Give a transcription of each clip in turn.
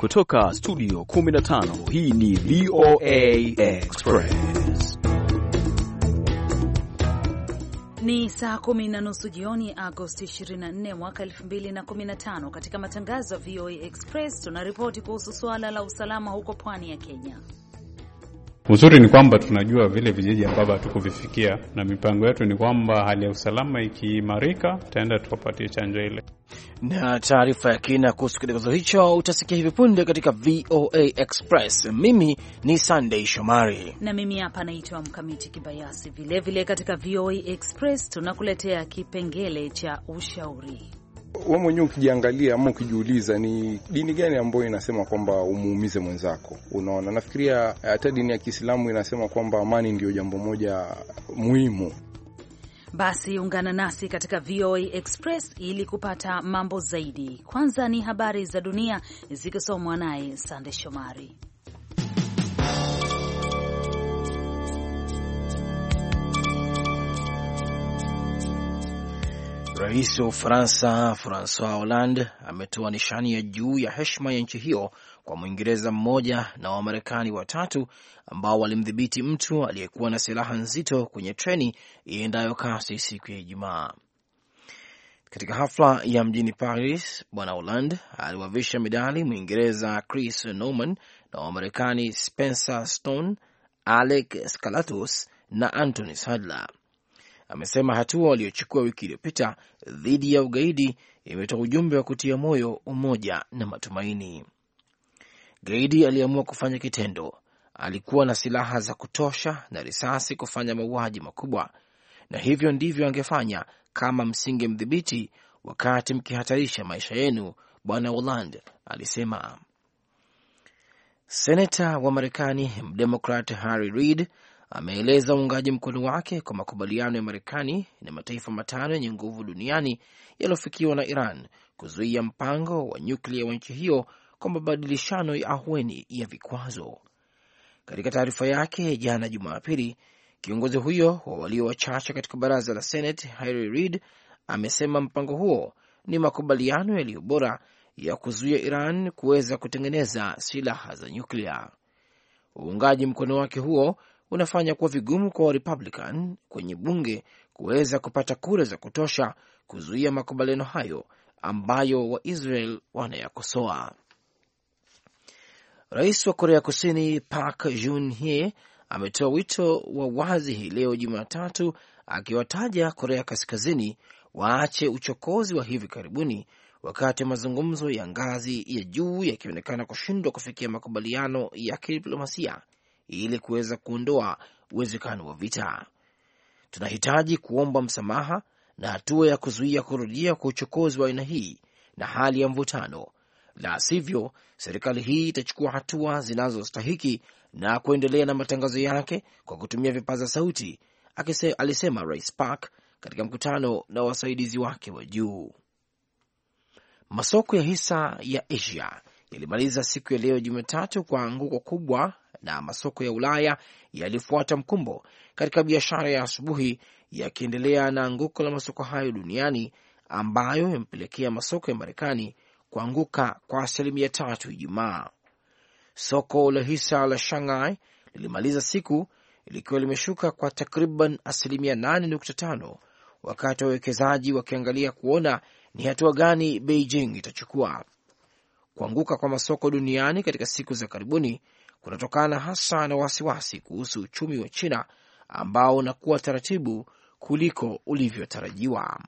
Kutoka studio 15 hii ni VOA Express. Ni saa kumi na nusu jioni Agosti 24 mwaka 2015. Katika matangazo ya VOA Express tunaripoti kuhusu suala la usalama huko pwani ya Kenya. Uzuri ni kwamba tunajua vile vijiji ambavyo hatukuvifikia, na mipango yetu ni kwamba hali ya usalama ikiimarika, tutaenda tukapatie chanjo ile. Na taarifa ya kina kuhusu kidokezo hicho utasikia hivi punde katika VOA Express. Mimi ni Sunday Shomari na mimi hapa naitwa Mkamiti Kibayasi. Vilevile katika VOA Express tunakuletea kipengele cha ushauri wewe mwenyewe ukijiangalia ama ukijiuliza, ni dini gani ambayo inasema kwamba umuumize mwenzako? Unaona, nafikiria eh, hata dini ya Kiislamu inasema kwamba amani ndio jambo moja muhimu. Basi ungana nasi katika VOA Express ili kupata mambo zaidi. Kwanza ni habari za dunia zikisomwa naye Sande Shomari. Rais wa Ufaransa Francois Hollande ametoa nishani ya juu ya heshima ya nchi hiyo kwa Mwingereza mmoja na Wamarekani watatu ambao walimdhibiti mtu aliyekuwa na silaha nzito kwenye treni iendayo kasi siku ya Ijumaa. Katika hafla ya mjini Paris, Bwana Hollande aliwavisha medali Mwingereza Chris Norman na Wamarekani Spencer Stone, Alec Skalatos na Anthony Sadler amesema hatua waliochukua wiki iliyopita dhidi ya ugaidi imetoa ujumbe wa kutia moyo, umoja na matumaini. Gaidi aliamua kufanya kitendo, alikuwa na silaha za kutosha na risasi kufanya mauaji makubwa, na hivyo ndivyo angefanya kama mdhibiti wakati mkihatarisha maisha yenu, Bwana Oland alisema. Senata wa Marekani mdemokrat Harry Reid ameeleza uungaji mkono wake kwa makubaliano ya Marekani na mataifa matano yenye nguvu duniani yaliyofikiwa na Iran kuzuia mpango wa nyuklia wa nchi hiyo kwa mabadilishano ya ahueni ya vikwazo. Katika taarifa yake jana Jumapili, kiongozi huyo wa walio wachache katika baraza la Senate Harry Reid amesema mpango huo ni makubaliano yaliyo bora ya kuzuia Iran kuweza kutengeneza silaha za nyuklia. Uungaji mkono wake huo unafanya kuwa vigumu kwa Warepublican kwenye bunge kuweza kupata kura za kutosha kuzuia makubaliano hayo ambayo Waisrael wanayakosoa. Rais wa Korea Kusini Park Geun-hye ametoa wito wa wazi hii leo Jumatatu, akiwataja Korea Kaskazini waache uchokozi wa hivi karibuni, wakati wa mazungumzo ya ngazi ya juu yakionekana kushindwa kufikia makubaliano ya kidiplomasia ili kuweza kuondoa uwezekano wa vita. Tunahitaji kuomba msamaha na hatua ya kuzuia kurudia kwa uchokozi wa aina hii na hali ya mvutano, la sivyo serikali hii itachukua hatua zinazostahiki na kuendelea na matangazo yake kwa kutumia vipaza sauti, akise, alisema Rais Park katika mkutano na wasaidizi wake wa juu. Masoko ya hisa ya Asia ilimaliza siku ya leo Jumatatu kwa anguko kubwa, na masoko ya Ulaya yalifuata mkumbo katika biashara ya asubuhi, yakiendelea na anguko la masoko hayo duniani ambayo yamepelekea masoko ya Marekani kuanguka kwa asilimia tatu Ijumaa. Soko la hisa la Shanghai lilimaliza siku likiwa limeshuka kwa takriban asilimia 8.5 wakati wawekezaji wakiangalia kuona ni hatua gani Beijing itachukua. Kuanguka kwa masoko duniani katika siku za karibuni kunatokana hasa na wasiwasi kuhusu uchumi wa China ambao unakuwa taratibu kuliko ulivyotarajiwa.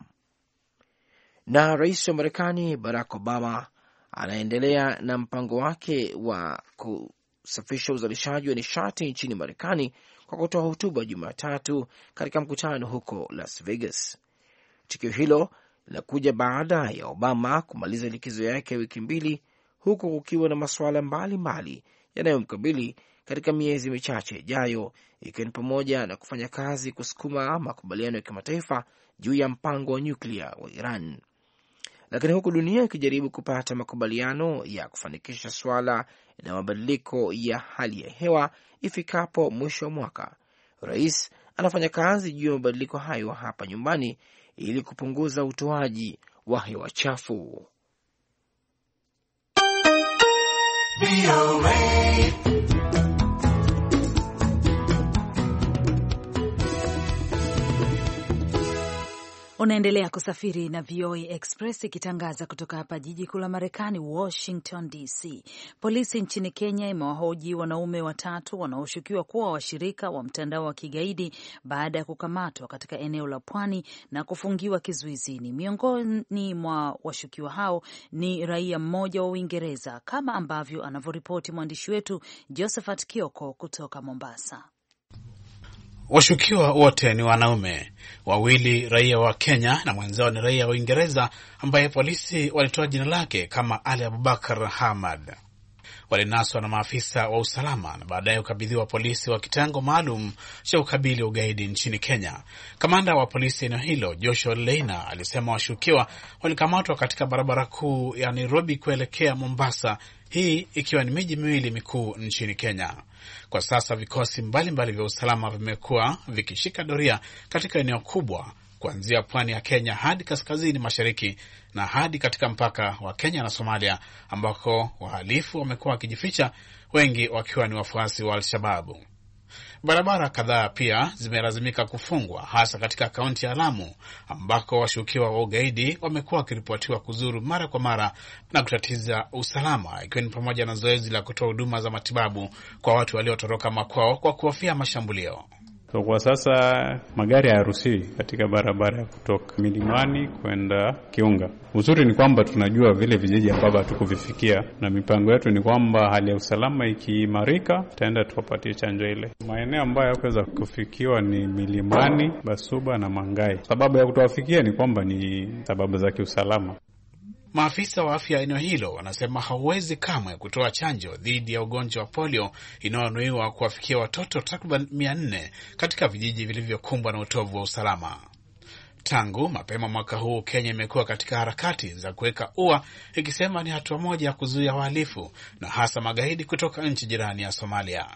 Na rais wa Marekani Barack Obama anaendelea na mpango wake wa kusafisha uzalishaji wa nishati nchini Marekani kwa kutoa hotuba Jumatatu katika mkutano huko Las Vegas. Tukio hilo linakuja baada ya Obama kumaliza likizo yake wiki mbili huku kukiwa na masuala mbalimbali yanayomkabili katika miezi michache ijayo, ikiwa ni pamoja na kufanya kazi kusukuma makubaliano ya kimataifa juu ya mpango wa nyuklia wa Iran. Lakini huku dunia ikijaribu kupata makubaliano ya kufanikisha swala la mabadiliko ya hali ya hewa ifikapo mwisho wa mwaka, rais anafanya kazi juu ya mabadiliko hayo hapa nyumbani ili kupunguza utoaji wa hewa chafu. be away. Unaendelea kusafiri na VOA Express ikitangaza kutoka hapa jiji kuu la Marekani, Washington DC. Polisi nchini Kenya imewahoji wanaume watatu wanaoshukiwa kuwa washirika wa mtandao wa kigaidi baada ya kukamatwa katika eneo la pwani na kufungiwa kizuizini. Miongoni mwa washukiwa hao ni raia mmoja wa Uingereza, kama ambavyo anavyoripoti mwandishi wetu Josephat Kioko kutoka Mombasa. Washukiwa wote ni wanaume wawili, raia wa Kenya na mwenzao ni raia wa Uingereza ambaye polisi walitoa jina lake kama Ali Abubakar Hamad. Walinaswa na maafisa wa usalama na baadaye kukabidhiwa polisi wa kitengo maalum cha ukabili ugaidi nchini Kenya. Kamanda wa polisi eneo hilo Joshua Leina alisema washukiwa walikamatwa katika barabara kuu ya Nairobi kuelekea Mombasa, hii ikiwa ni miji miwili mikuu nchini Kenya. Kwa sasa vikosi mbalimbali mbali vya usalama vimekuwa vikishika doria katika eneo kubwa kuanzia pwani ya Kenya hadi kaskazini mashariki na hadi katika mpaka wa Kenya na Somalia, ambako wahalifu wamekuwa wakijificha, wengi wakiwa ni wafuasi wa Al-Shababu. Barabara kadhaa pia zimelazimika kufungwa hasa katika kaunti ya Lamu ambako washukiwa wa ugaidi wamekuwa wakiripotiwa kuzuru mara kwa mara na kutatiza usalama, ikiwa ni pamoja na zoezi la kutoa huduma za matibabu kwa watu waliotoroka makwao kwa kuhofia mashambulio. So kwa sasa magari hayaruhusiwi katika barabara ya kutoka milimani kwenda Kiunga. Uzuri ni kwamba tunajua vile vijiji ambavyo hatukuvifikia, na mipango yetu ni kwamba hali ya usalama ikiimarika, tutaenda tuwapatie chanjo ile. Maeneo ambayo yakuweza kufikiwa ni milimani, Basuba na Mangai. Sababu ya kutowafikia ni kwamba ni sababu za kiusalama. Maafisa wa afya eneo hilo wanasema hauwezi kamwe kutoa chanjo dhidi ya ugonjwa wa polio inayonuiwa kuwafikia watoto takriban mia nne katika vijiji vilivyokumbwa na utovu wa usalama. Tangu mapema mwaka huu, Kenya imekuwa katika harakati za kuweka ua, ikisema ni hatua moja ya kuzuia wahalifu na hasa magaidi kutoka nchi jirani ya Somalia.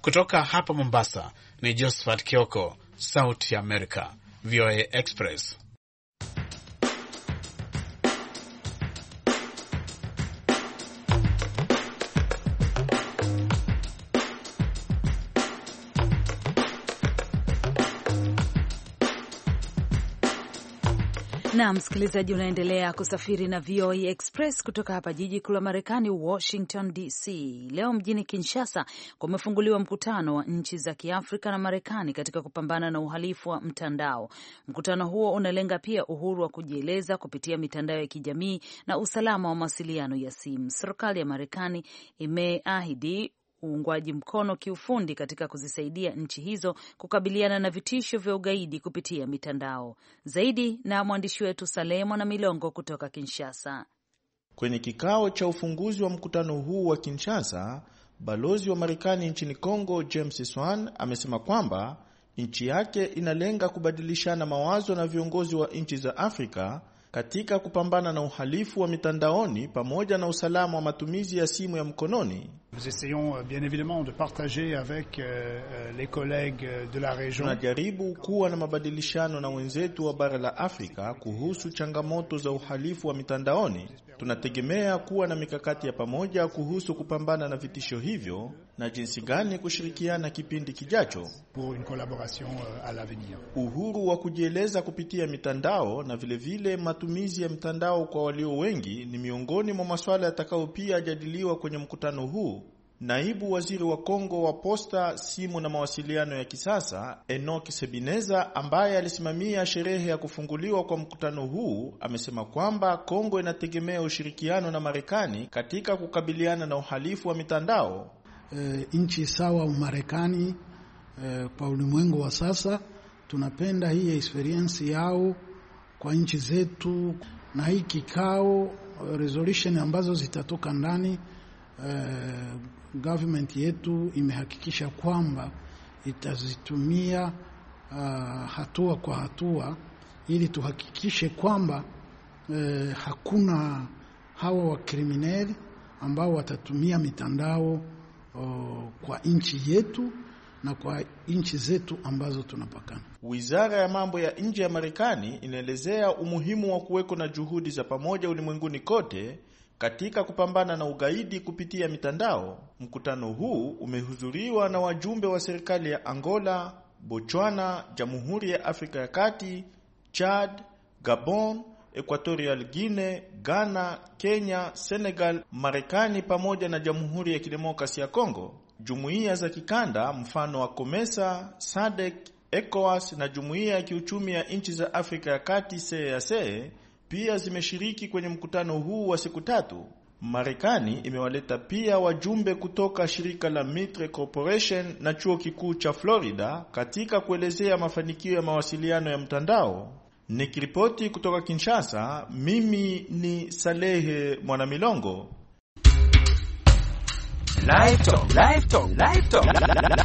Kutoka hapa Mombasa ni Josephat Kioko, Sauti ya Amerika, VOA Express. na msikilizaji, unaendelea kusafiri na VOA e Express kutoka hapa jiji kuu la Marekani, Washington DC. Leo mjini Kinshasa kumefunguliwa mkutano wa nchi za Kiafrika na Marekani katika kupambana na uhalifu wa mtandao. Mkutano huo unalenga pia uhuru wa kujieleza kupitia mitandao ya kijamii na usalama wa mawasiliano ya simu. Serikali ya Marekani imeahidi uungwaji mkono kiufundi katika kuzisaidia nchi hizo kukabiliana na vitisho vya ugaidi kupitia mitandao. Zaidi na mwandishi wetu na milongo kutoka Kinshasa. Kwenye kikao cha ufunguzi wa mkutano huu wa Kinshasa, balozi wa Marekani nchini congo James Swan amesema kwamba nchi yake inalenga kubadilishana mawazo na viongozi wa nchi za Afrika katika kupambana na uhalifu wa mitandaoni pamoja na usalama wa matumizi ya simu ya mkononi. Euh, euh, euh, Tunajaribu kuwa na mabadilishano na wenzetu wa bara la Afrika kuhusu changamoto za uhalifu wa mitandaoni Tunategemea kuwa na mikakati ya pamoja kuhusu kupambana na vitisho hivyo na jinsi gani kushirikiana kipindi kijacho. Euh, Uhuru wa kujieleza kupitia mitandao na vilevile vile matumizi ya mtandao kwa walio wengi ni miongoni mwa masuala yatakayopia jadiliwa kwenye mkutano huu. Naibu waziri wa Kongo wa posta, simu na mawasiliano ya kisasa Enoch Sebineza, ambaye alisimamia sherehe ya kufunguliwa kwa mkutano huu, amesema kwamba Kongo inategemea ushirikiano na Marekani katika kukabiliana na uhalifu wa mitandao. E, nchi sawa Marekani e, kwa ulimwengu wa sasa tunapenda hii experience yao kwa nchi zetu, na hii kikao eh, resolution ambazo zitatoka ndani e, government yetu imehakikisha kwamba itazitumia uh, hatua kwa hatua ili tuhakikishe kwamba uh, hakuna hawa wakrimineli ambao watatumia mitandao uh, kwa nchi yetu na kwa nchi zetu ambazo tunapakana. Wizara ya mambo ya nje ya Marekani inaelezea umuhimu wa kuweko na juhudi za pamoja ulimwenguni kote katika kupambana na ugaidi kupitia mitandao. Mkutano huu umehudhuriwa na wajumbe wa serikali ya Angola, Botswana, Jamhuri ya Afrika ya Kati, Chad, Gabon, Equatorial Guinea, Ghana, Kenya, Senegal, Marekani pamoja na Jamhuri ya Kidemokrasi ya Kongo. Jumuiya za kikanda mfano wa COMESA, SADC, ECOWAS na Jumuiya ya Kiuchumi ya Nchi za Afrika ya Kati, EAC pia zimeshiriki kwenye mkutano huu wa siku tatu. Marekani imewaleta pia wajumbe kutoka shirika la Mitre Corporation na chuo kikuu cha Florida katika kuelezea mafanikio ya mawasiliano ya mtandao. Nikiripoti kutoka Kinshasa, mimi ni Salehe Mwanamilongo.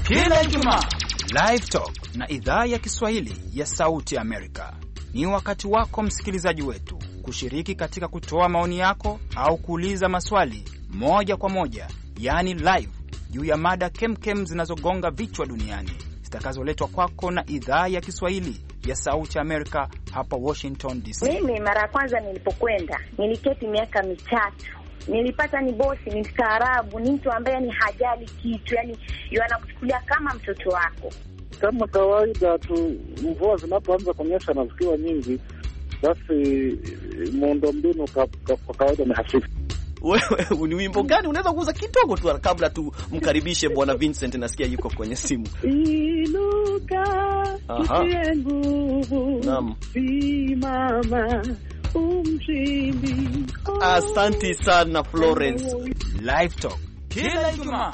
kila Ijumaa. Live Talk na idhaa ya Kiswahili ya Sauti Amerika ni wakati wako msikilizaji wetu kushiriki katika kutoa maoni yako au kuuliza maswali moja kwa moja, yaani live, juu ya mada kemkem zinazogonga vichwa duniani zitakazoletwa kwako na idhaa ya Kiswahili ya Sauti ya Amerika hapa Washington DC. Mimi mara ya kwanza nilipokwenda niliketi miaka mitatu nilipata ni bosi, ni mstaarabu, ni mtu ambaye ni hajali kitu, yani yanakuchukulia kama mtoto wako kama kawaida tu, mvua zinapoanza kunyesha na zikiwa nyingi, basi eh, muundombinu kwa kawaida ni hafifu. Wewe ni wimbo gani unaweza kuuza kidogo tu kabla tumkaribishe Bwana Vincent? Nasikia yuko kwenye simu. Inuka nguvu, simama umshindi. Asante sana Florence. Live Talk kila Ijumaa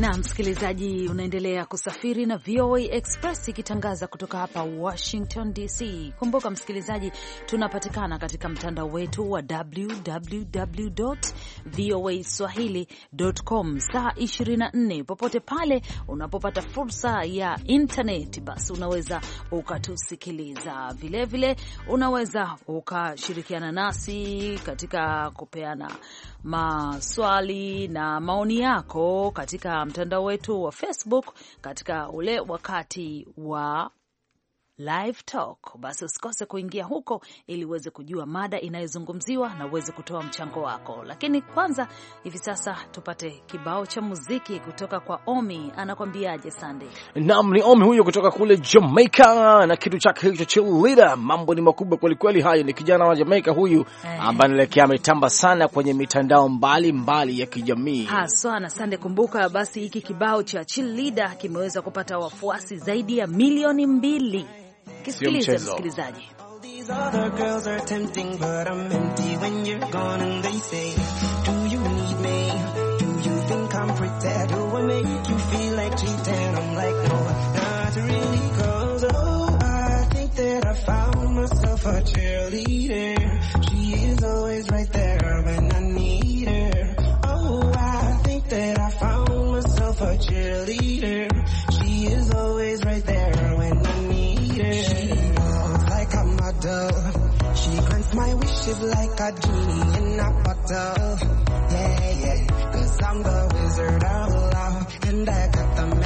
na msikilizaji, unaendelea kusafiri na VOA Express ikitangaza kutoka hapa Washington DC. Kumbuka msikilizaji, tunapatikana katika mtandao wetu wa www voa swahili.com saa 24 popote pale unapopata fursa ya intaneti, basi unaweza ukatusikiliza vilevile. Unaweza ukashirikiana nasi katika kupeana maswali na maoni yako katika mtandao wetu wa Facebook katika ule wakati wa Live Talk. Basi usikose kuingia huko ili uweze kujua mada inayozungumziwa na uweze kutoa mchango wako. Lakini kwanza hivi sasa tupate kibao cha muziki kutoka kwa Omi. Anakwambiaje sande Naam, ni Omi huyo kutoka kule Jamaica na kitu chake hicho Cheerleader. Mambo ni makubwa kwelikweli. Hayo ni kijana wa Jamaica huyu eh. ambaye anaelekea ametamba sana kwenye mitandao mbalimbali mbali ya kijamii haswa na Sande, Kumbuka basi hiki kibao cha Cheerleader kimeweza kupata wafuasi zaidi ya milioni mbili. Kisikilize msikilizaji. Other girls are tempting, but I'm empty when you're gone. And they say, Do you need me? Do you think I'm pretend? Do I make you feel like cheating? I'm like, No, not really, cause oh, I think that I found myself a cheerleader. She is always right there. My wish is like a genie in a bottle. Yeah, yeah. Cause I'm the wizard of love and I got the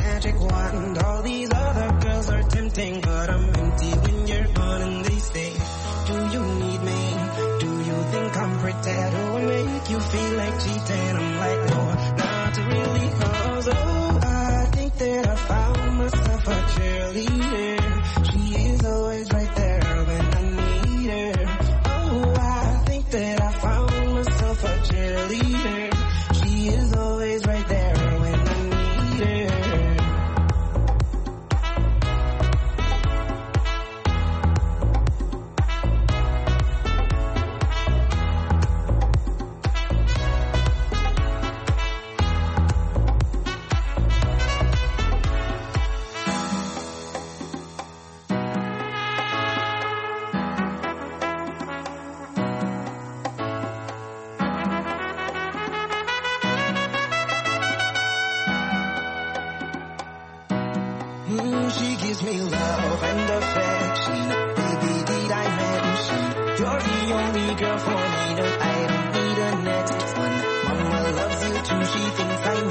Mm, she gives me love and affection, baby, did I mention? You're the only girl for me, no, I don't need a next one. Mama loves you too, she thinks I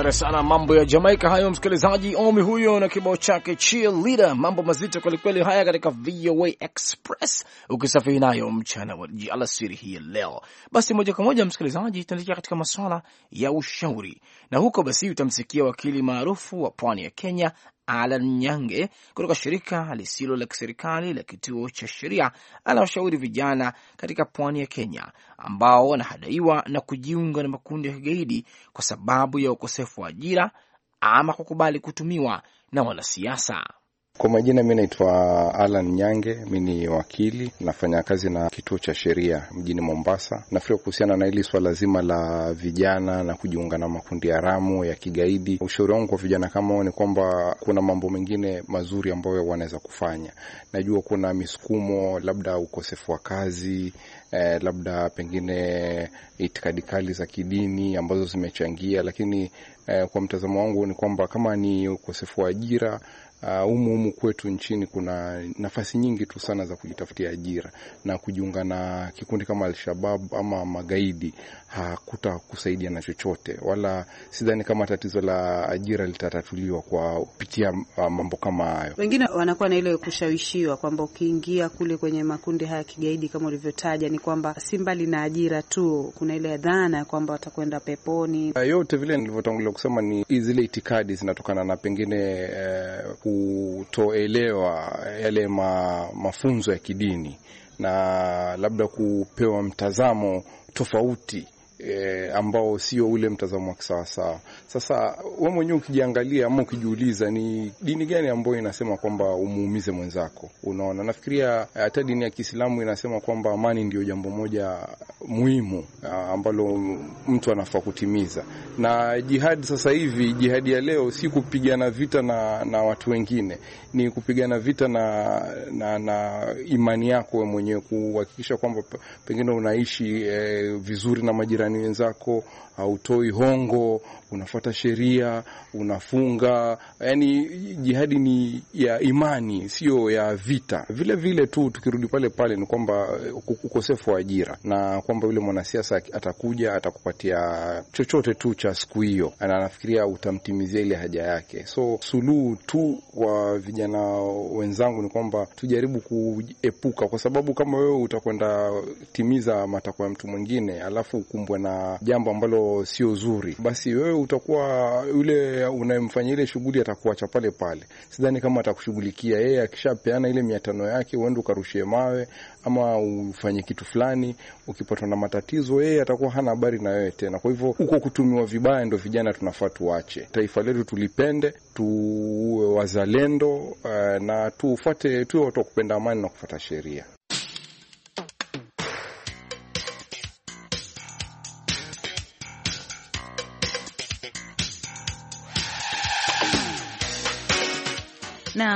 Asante sana, mambo ya Jamaika hayo, msikilizaji. Omi huyo na kibao chake cheerleader, mambo mazito kwelikweli haya katika VOA Express, ukisafiri nayo mchana wa alasiri hii leo. Basi moja kwa moja, msikilizaji, tunaelekea katika maswala ya ushauri, na huko basi utamsikia wakili maarufu wa pwani ya Kenya Alan Nyange kutoka shirika lisilo la kiserikali la Kituo cha Sheria anawashauri vijana katika pwani ya Kenya ambao wanahadaiwa na kujiunga na makundi ya kigaidi kwa sababu ya ukosefu wa ajira ama kukubali kutumiwa na wanasiasa. Kwa majina, mi naitwa Alan Nyange, mi ni wakili, nafanya kazi na kituo cha sheria mjini Mombasa. Nafikiri kuhusiana na hili swala zima la vijana na kujiunga na makundi haramu ya kigaidi, ushauri wangu kwa vijana kama ni kwamba kuna mambo mengine mazuri ambayo wanaweza kufanya. Najua kuna misukumo, labda ukosefu wa kazi eh, labda pengine itikadi kali za kidini ambazo zimechangia, lakini eh, kwa mtazamo wangu ni kwamba kama ni ukosefu wa ajira Ah, humu uh, kwetu nchini kuna nafasi nyingi tu sana za kujitafutia ajira, na kujiunga na kikundi kama Alshabab ama magaidi hakuta kusaidia na chochote, wala sidhani kama tatizo la ajira litatatuliwa kwa kupitia ah, mambo kama hayo. Wengine wanakuwa na ile kushawishiwa kwamba ukiingia kule kwenye makundi haya ya kigaidi kama ulivyotaja, ni kwamba si mbali na ajira tu, kuna ile dhana ya kwamba watakwenda peponi. Ah, yote vile nilivyotangulia kusema ni zile itikadi zinatokana na pengine eh, kutoelewa yale ma, mafunzo ya kidini na labda kupewa mtazamo tofauti e, ambao sio ule mtazamo wa kisawasawa. Sasa wewe mwenyewe ukijiangalia ama ukijiuliza, ni dini gani ambayo inasema kwamba umuumize mwenzako? Unaona, nafikiria eh, hata dini ya Kiislamu inasema kwamba amani ndio jambo moja muhimu ah, ambalo mtu anafaa kutimiza, na jihadi sasa hivi, jihadi ya leo si kupigana vita na, na watu wengine, ni kupigana vita na, na, na imani yako wewe mwenyewe, kuhakikisha kwamba pengine unaishi e, vizuri na majirani majirani wenzako, hautoi hongo, unafuata sheria, unafunga. Yani jihadi ni ya imani, sio ya vita. Vile vile tu tukirudi pale pale ni kwamba uh, ukosefu wa ajira na kwamba yule mwanasiasa atakuja atakupatia chochote tu cha siku hiyo, na anafikiria utamtimizia ile haja yake. So suluhu tu kwa vijana wenzangu ni kwamba tujaribu kuepuka, kwa sababu kama wewe utakwenda timiza matakwa ya mtu mwingine alafu ukumbwe na jambo ambalo sio zuri, basi wewe utakuwa yule unayemfanyia ile shughuli atakuacha pale pale. Sidhani kama atakushughulikia yeye. Akishapeana ile mia tano yake, uende ukarushie mawe ama ufanye kitu fulani, ukipatwa na matatizo yeye atakuwa hana habari na wewe tena. Kwa hivyo huko kutumiwa vibaya, ndo vijana tunafaa tuache. Taifa letu tulipende, tuwe wazalendo eh, na tufate tuwe watu wa kupenda amani na kufata sheria.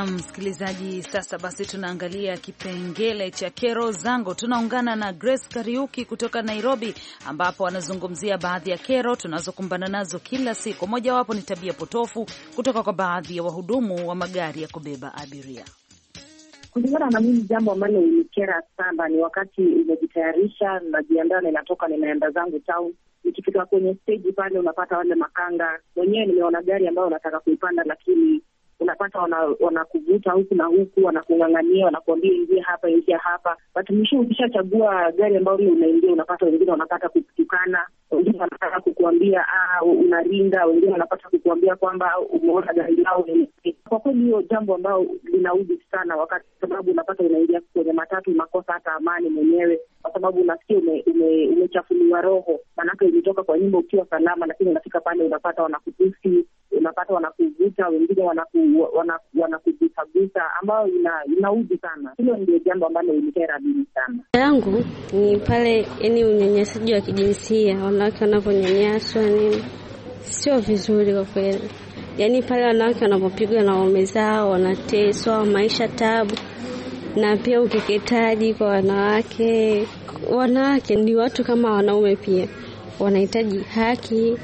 Naam msikilizaji, sasa basi tunaangalia kipengele cha kero zangu. Tunaungana na Grace Kariuki kutoka Nairobi, ambapo anazungumzia baadhi ya kero tunazokumbana nazo kila siku. Mojawapo ni tabia potofu kutoka kwa baadhi ya wahudumu wa magari ya kubeba abiria. Kulingana na mimi, jambo ambalo ilikera sana ni wakati imejitayarisha, najiandaa, ninatoka, ninaenda zangu town nikifika kwenye steji pale unapata wale makanga. Mwenyewe nimeona gari ambayo unataka kuipanda, lakini unapata wanakuvuta wana huku na huku, wanakung'ang'ania, wanakuambia ingia hapa, ingia hapa. Watumishi, ukishachagua gari ambayo unaingia, unapata wengine wanapata kukutukana, wengine wanapata kukuambia ah, unarinda, wengine wanapata kukuambia kwamba umeona gari lao. Kwa kweli hiyo jambo ambayo linaudhi sana, wakati sababu unapata unaingia kwenye matatu, unakosa hata amani mwenyewe, kwa sababu unasikia umechafuliwa ume, ume roho, maanake ulitoka kwa nyumba ukiwa salama, lakini unafika pale unapata wanakutusi unapata wanakuvuta, wengine wanakugusagusa ambayo ina, sana. Hilo ndio jambo ambalo ulikera dini sana yangu ni pale, yani unyanyasaji wa kijinsia, wanawake wanavyonyanyaswa nini, sio vizuri kwa kweli. yani pale wanawake wanapopigwa na waume zao, wanateswa maisha tabu, na pia ukeketaji kwa wanawake. Wanawake ni watu kama wanaume, pia wanahitaji haki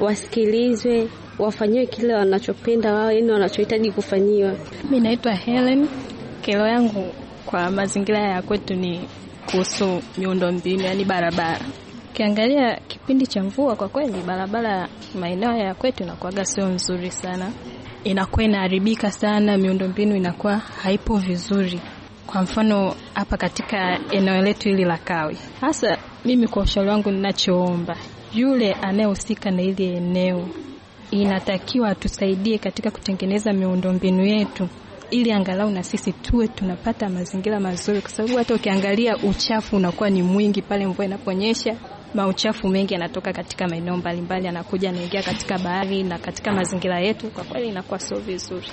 wasikilizwe, wafanyiwe kile wanachopenda wao, yani wanachohitaji kufanyiwa. Mimi naitwa Helen. Kero yangu kwa mazingira ya kwetu ni kuhusu miundo mbinu yani barabara. Ukiangalia kipindi cha mvua, kwa kweli barabara maeneo ya kwetu inakuwaga sio nzuri sana, inakuwa inaharibika sana, miundo mbinu inakuwa haipo vizuri. Kwa mfano hapa katika eneo letu hili la kawi hasa mimi kwa ushauri wangu ninachoomba yule anayehusika na ile eneo inatakiwa atusaidie katika kutengeneza miundombinu yetu ili angalau na sisi tuwe tunapata mazingira mazuri, kwa sababu hata ukiangalia uchafu unakuwa ni mwingi pale mvua inaponyesha. Mauchafu mengi yanatoka katika maeneo mbalimbali, anakuja anaingia katika bahari na katika mazingira yetu, kwa kweli inakuwa sio vizuri.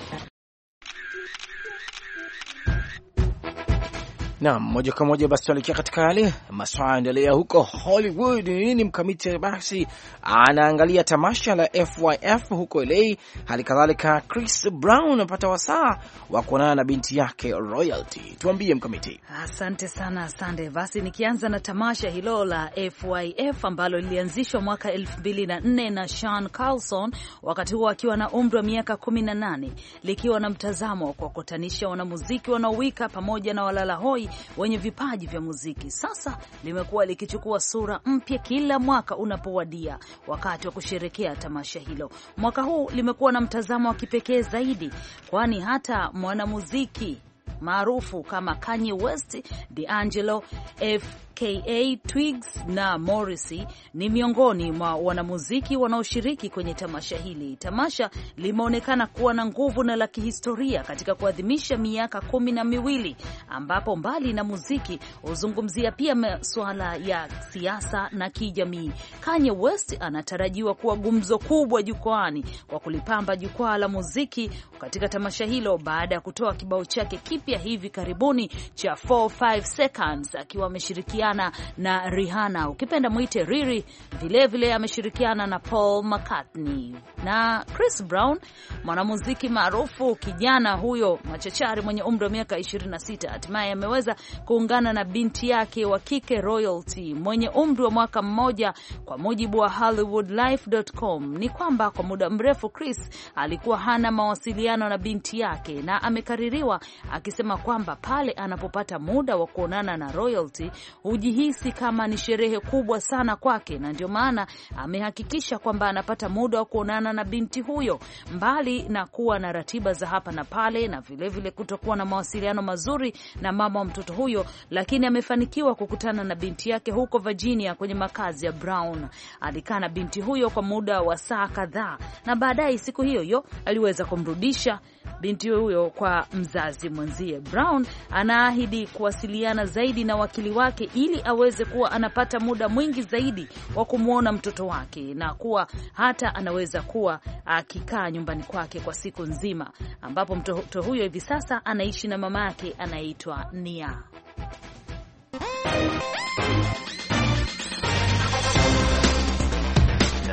Naam, moja kwa moja basi tuelekea katika yale maswala yanaendelea huko Hollywood. Ni nini mkamiti? Basi anaangalia tamasha la FYF huko LA. Hali kadhalika Chris Brown anapata wasaa wa kuonana na binti yake Royalty. Tuambie mkamiti. Asante sana, asante. Basi nikianza na tamasha hilo la FYF ambalo lilianzishwa mwaka 2004 na Sean Carlson, wakati huo akiwa na umri wa miaka 18, likiwa na mtazamo wa kuwakutanisha wanamuziki wanaowika pamoja na walala hoi wenye vipaji vya muziki, sasa limekuwa likichukua sura mpya kila mwaka unapowadia wakati wa kusherekea tamasha hilo. Mwaka huu limekuwa na mtazamo wa kipekee zaidi, kwani hata mwanamuziki maarufu kama Kanye West, DeAngelo, F aka Twigs na Morrissey ni miongoni mwa wanamuziki wanaoshiriki kwenye tamasha hili. Tamasha limeonekana kuwa na nguvu na la kihistoria katika kuadhimisha miaka kumi na miwili ambapo mbali na muziki huzungumzia pia masuala ya siasa na kijamii. Kanye West anatarajiwa kuwa gumzo kubwa jukwani kwa kulipamba jukwaa la muziki katika tamasha hilo baada ya kutoa kibao chake kipya hivi karibuni cha 45 seconds akiwa ameshirikiana ameshirikiana na Rihanna, ukipenda mwite Riri. Vilevile ameshirikiana na Paul McCartney na Chris Brown, mwanamuziki maarufu kijana huyo machachari mwenye umri wa miaka 26, hatimaye ameweza kuungana na binti yake wa kike Royalty mwenye umri wa mwaka mmoja. Kwa mujibu wa HollywoodLife.com ni kwamba kwa muda mrefu Chris alikuwa hana mawasiliano na binti yake, na amekaririwa akisema kwamba pale anapopata muda wa kuonana na Royalty kujihisi kama ni sherehe kubwa sana kwake, na ndio maana amehakikisha kwamba anapata muda wa kuonana na binti huyo, mbali na kuwa na ratiba za hapa na pale na vilevile kutokuwa na mawasiliano mazuri na mama wa mtoto huyo, lakini amefanikiwa kukutana na binti yake huko Virginia kwenye makazi ya Brown. Alikaa na binti huyo kwa muda wa saa kadhaa, na baadaye siku hiyo hiyo aliweza kumrudisha binti huyo kwa mzazi mwenzie. Brown anaahidi kuwasiliana zaidi na wakili wake ili aweze kuwa anapata muda mwingi zaidi wa kumwona mtoto wake na kuwa hata anaweza kuwa akikaa nyumbani kwake kwa siku nzima, ambapo mtoto huyo hivi sasa anaishi na mama yake anayeitwa Nia.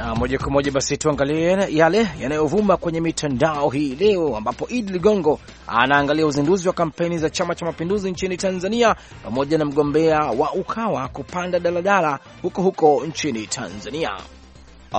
na ah, moja kwa moja basi tuangalie yale yanayovuma kwenye mitandao hii leo, ambapo Idi Ligongo anaangalia uzinduzi wa kampeni za Chama cha Mapinduzi nchini Tanzania pamoja na mgombea wa Ukawa kupanda daladala huko huko nchini Tanzania.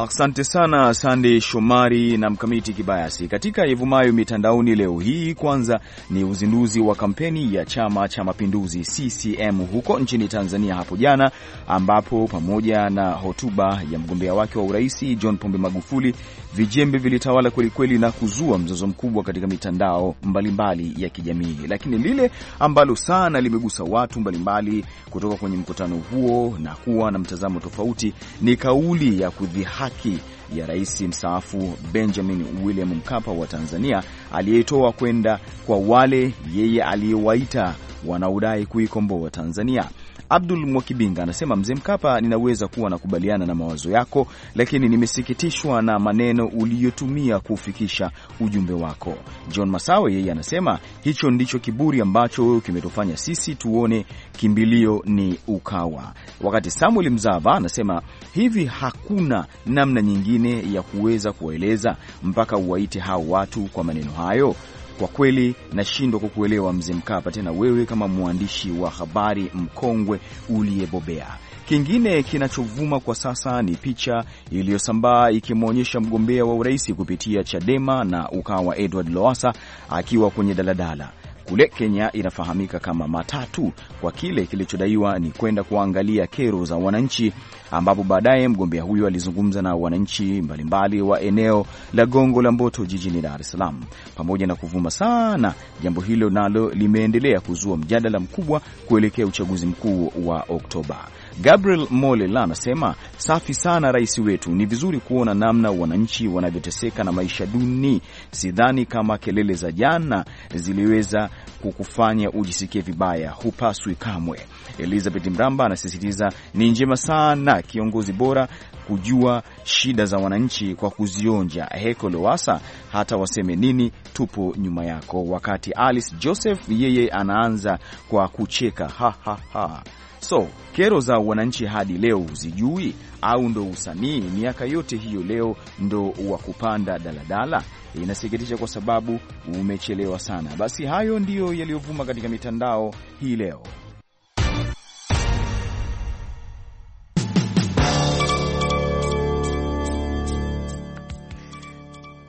Asante sana Sande Shomari na Mkamiti Kibayasi. Katika yevumayo Mitandaoni leo hii, kwanza ni uzinduzi wa kampeni ya Chama cha Mapinduzi CCM huko nchini Tanzania hapo jana, ambapo pamoja na hotuba ya mgombea wake wa urais John Pombe Magufuli, vijembe vilitawala kwelikweli na kuzua mzozo mkubwa katika mitandao mbalimbali mbali ya kijamii. Lakini lile ambalo sana limegusa watu mbalimbali mbali kutoka kwenye mkutano huo na kuwa na mtazamo tofauti ni kauli ya kudhiha haki ya rais mstaafu Benjamin William Mkapa wa Tanzania aliyetoa kwenda kwa wale yeye aliyewaita wanaodai kuikomboa wa Tanzania. Abdul Mwakibinga anasema mzee Mkapa, ninaweza kuwa nakubaliana na mawazo yako, lakini nimesikitishwa na maneno uliyotumia kufikisha ujumbe wako. John Masawe yeye anasema hicho ndicho kiburi ambacho kimetufanya sisi tuone kimbilio ni Ukawa, wakati Samuel Mzava anasema hivi, hakuna namna nyingine ya kuweza kuwaeleza mpaka uwaite hao watu kwa maneno hayo. Kwa kweli nashindwa kukuelewa mzee Mkapa, tena wewe kama mwandishi wa habari mkongwe uliyebobea. Kingine kinachovuma kwa sasa ni picha iliyosambaa ikimwonyesha mgombea wa urais kupitia Chadema na Ukawa Edward loasa akiwa kwenye daladala kule Kenya inafahamika kama matatu kwa kile kilichodaiwa ni kwenda kuangalia kero za wananchi, ambapo baadaye mgombea huyo alizungumza na wananchi mbalimbali wa eneo la Gongo la Mboto jijini Dar es Salaam. Pamoja na kuvuma sana, jambo hilo nalo limeendelea kuzua mjadala mkubwa kuelekea uchaguzi mkuu wa Oktoba. Gabriel Molela anasema safi sana rais wetu, ni vizuri kuona namna wananchi wanavyoteseka na maisha duni. Sidhani kama kelele za jana ziliweza kukufanya ujisikie vibaya, hupaswi kamwe. Elizabeth Mramba anasisitiza ni njema sana kiongozi bora kujua shida za wananchi kwa kuzionja. Heko Lowasa, hata waseme nini, tupo nyuma yako. Wakati Alice Joseph yeye anaanza kwa kucheka ha, ha, ha. So kero za wananchi hadi leo huzijui, au ndo usanii miaka yote hiyo, leo ndo wa kupanda daladala? Inasikitisha kwa sababu umechelewa sana. Basi hayo ndiyo yaliyovuma katika mitandao hii leo.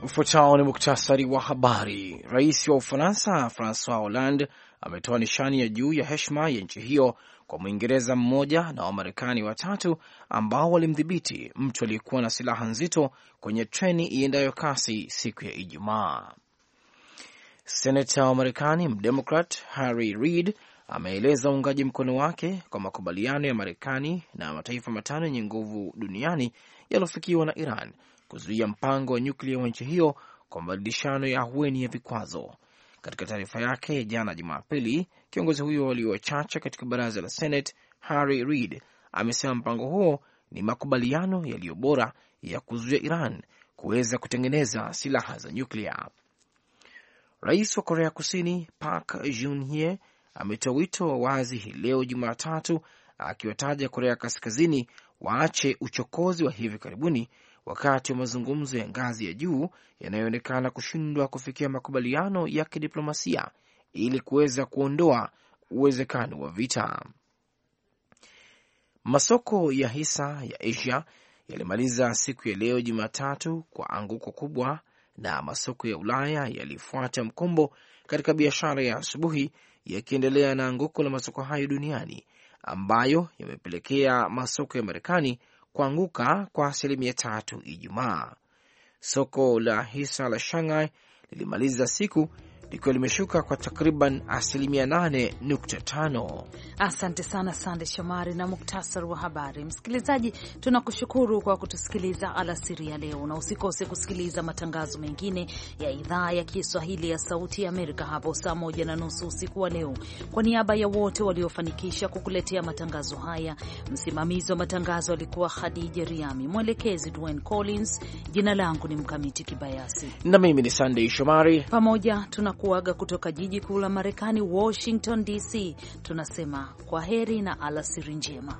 Ufuatao ni muktasari wa habari. Rais wa Ufaransa Francois Hollande ametoa nishani ya juu ya heshima ya nchi hiyo kwa Mwingereza mmoja na Wamarekani watatu ambao walimdhibiti mtu aliyekuwa na silaha nzito kwenye treni iendayo kasi siku ya Ijumaa. Senata wa Marekani mdemokrat Harry Reid ameeleza uungaji mkono wake kwa makubaliano ya Marekani na mataifa matano yenye nguvu duniani yaliyofikiwa na Iran kuzuia mpango wa nyuklia wa nchi hiyo kwa mabadilishano ya ahueni ya vikwazo. Katika taarifa yake ya jana Jumapili, kiongozi huyo walio wachache katika baraza la Senate Harry Reid amesema mpango huo ni makubaliano yaliyo bora ya kuzuia Iran kuweza kutengeneza silaha za nyuklia. Rais wa Korea Kusini Park Geun-hye ametoa wito wa wazi hii leo Jumatatu, akiwataja Korea Kaskazini waache uchokozi wa hivi karibuni wakati wa mazungumzo ya ngazi ya juu yanayoonekana kushindwa kufikia makubaliano ya kidiplomasia ili kuweza kuondoa uwezekano wa vita. Masoko ya hisa ya Asia yalimaliza siku ya leo Jumatatu kwa anguko kubwa, na masoko ya Ulaya yalifuata mkombo katika biashara ya asubuhi, yakiendelea na anguko la masoko hayo duniani ambayo yamepelekea masoko ya Marekani kuanguka kwa asilimia tatu Ijumaa. Soko la hisa la Shanghai lilimaliza siku likiwa limeshuka kwa takriban asilimia 8.5. Asante sana Sande Shomari na muktasar wa habari. Msikilizaji, tunakushukuru kwa kutusikiliza alasiri ya leo, na usikose kusikiliza matangazo mengine ya idhaa ya Kiswahili ya Sauti ya Amerika hapo saa moja na nusu usiku wa leo. Kwa niaba ya wote waliofanikisha kukuletea matangazo haya, msimamizi wa matangazo alikuwa Khadija Riami, mwelekezi Dwayne Collins, jina langu ni Mkamiti Kibayasi na mimi ni Sandey Shomari, pamoja tuna kuaga kutoka jiji kuu la Marekani, Washington DC. Tunasema kwa heri na alasiri njema.